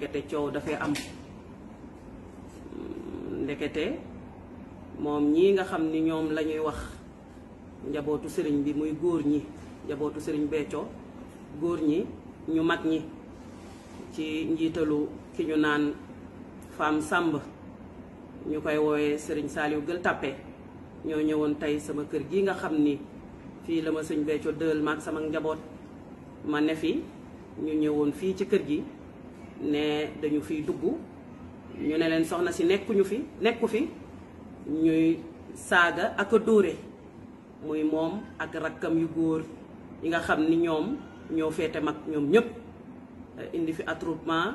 ndekete coow dafay am moom ñii nga xam ni ñoom lañuy wax njabootu sëriñ bi muy góor ñi njabootu sëriñ Béthio góor ñi ñu mag ñi ci njiitalu ki ñu naan femme sàmb ñu koy woowee sëriñ Saliou Gueule Tapée ñoo ñëwoon tey sama kër gii nga xam ni fii la ma sëñ Béthio dël maag sama njaboot ma ne fi ñu ñëwoon fii ci kër gi ne dañu fiy dugg ñu ne leen soxna si nekkuñu fi nekku fi ñuy saaga ak a dóore muy moom ak rakkam yu góor yi nga xam ni ñoom ñoo féete mag ñoom ñëpp indi fi attroupement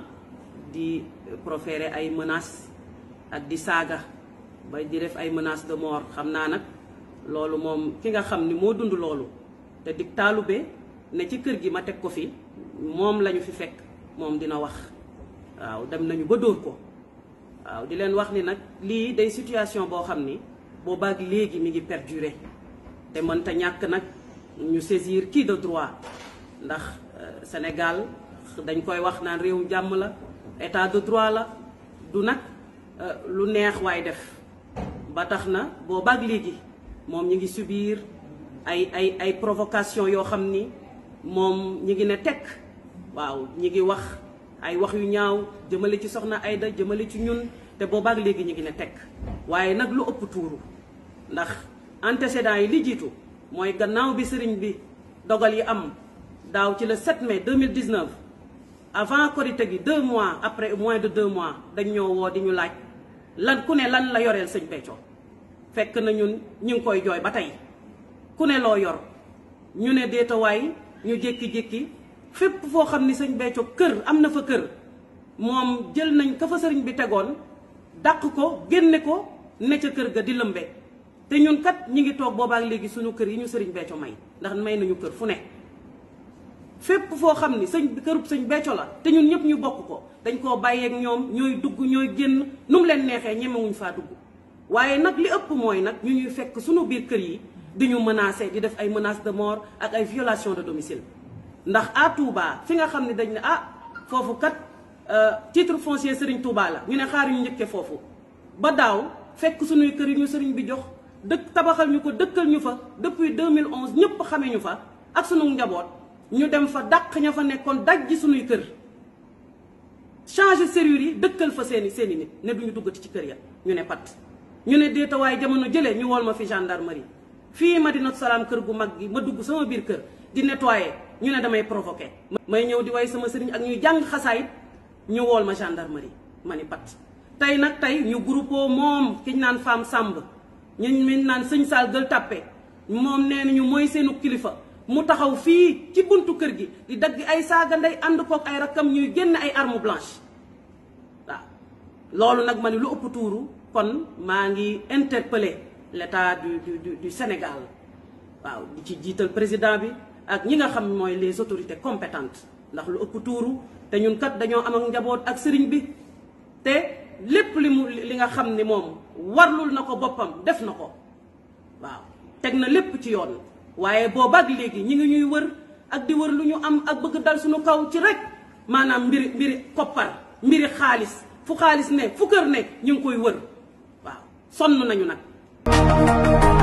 di proférer ay menaces ak di saaga ba di def ay menaces de mort xam naa nag loolu moom ki nga xam ni moo dund loolu te dig taalube ne ci kër gi ma teg ko fi moom lañu fi fekk moom dina wax waaw dem nañu ba dóor ko waaw di leen wax ni nag lii day situation boo xam ni baag léegi mi ngi perdurer te mënta ñàkk nag ñu saisir kii de droit ndax euh, Sénégal dañ koy wax naan réewum jàmm la état de droit la du nag euh, lu neex waay def ba tax na boo boobaak léegi moom ñi ngi subir ay ay ay provocation yoo xam ni moom ñi ngi ne tekk waaw ñi ngi wax ay wax yu ñaaw jëmale ci soxna Aida jëmale ci ñun te boobaak léegi ñu ngi ne tekk waaye nag lu ëpp tuuru ndax antécédents yi li jiitu mooy gannaaw bi sëriñ bi dogal yi am daaw ci le 7 mai 2019 avant Korité gi deux mois après moins de deux mois dañ ñoo woo di ñu laaj lan ku ne lan la yoreel sëñ Béthio fekk nañu ñun ñu ngi koy jooy ba tey ku ne loo yor ñu ne déetawaay ñu jékki-jékki fépp foo xam ni sëñ Béthio kër am na fa kër moom jël nañ ka fa sëriñ bi tegoon dàq ko génne ko ne ca kër ga di lëmbe te ñun kat ñi ngi toog boobaak léegi suñu kër yi ñu sëriñ Béthio may ndax may nañu kër fu ne fépp foo xam ni sëñ kërub sëñ becco la te ñun ñëpp ñu bokk ko dañ koo bàyyeek ñoom ñooy dugg ñooy génn nu mu leen neexee ñemewuñ faa dugg waaye nag li ëpp mooy nag ñu ñuy fekk suñu biir kër yi di ñu menacer di def ay menaces de mort ak ay violation de domicile ndax à Touba fi nga xam ne dañ ne ah foofu kat euh, titre foncier Serigne Touba la ñu ne xaar ñu njëkkee foofu ba daaw fekk suñuy kër yi ñu sëriñ bi jox dëkk tabaxal ñu ko dëkkal ñu fa depuis 2011 ñëpp xamee ñu fa ak sunu njaboot ñu dem fa dàq ña fa nekkoon daj ji suñuy kër changer serrure yi dëkkal fa seeni seeni nit ne duñu duggati ci kër ya ñu ne pat ñu ne déeta waaye jamono jëlee ñu wool ma fi gendarmerie fii ma Madinatu Salaam kër gu mag gi ma dugg sama biir kër di nettoyer ñu ne damay provoquer may ñëw di waaye sama sëriñ ak ñuy jàng xasaayit ñu wool ma gendarmerie ma ni pat tey nag tey ñu groupe moom ki naan femme sàmb ñu ñu naan sëñ saa Gueule Tapée moom nee nañu mooy seenu kilifa mu taxaw fii ci buntu kër gi di dagg ay saaga ndey ànd kook ay rakkam ñuy génn ay arme blanche waaw loolu nag ma ni lu ëpp tuuru kon maa ngi interpeller l'état du du du Sénégal waaw di ci jiital président bi ak ñi nga xam mooy les autorités compétentes ndax lu ëpp tuuru te ñun kat dañoo am ak njaboot ak sëriñ bi te lépp li mu li nga xam ni moom warlul na ko boppam def na ko waaw teg na lépp ci yoon waaye boobaak léegi ñi ngi ñuy wër ak di wër lu ñu am ak bëgg dal suñu kaw ci rek maanaam mbiri mbiri koppar mbiri xaalis fu xaalis ne fu kër ne ñu ngi koy wër waaw sonn nañu nag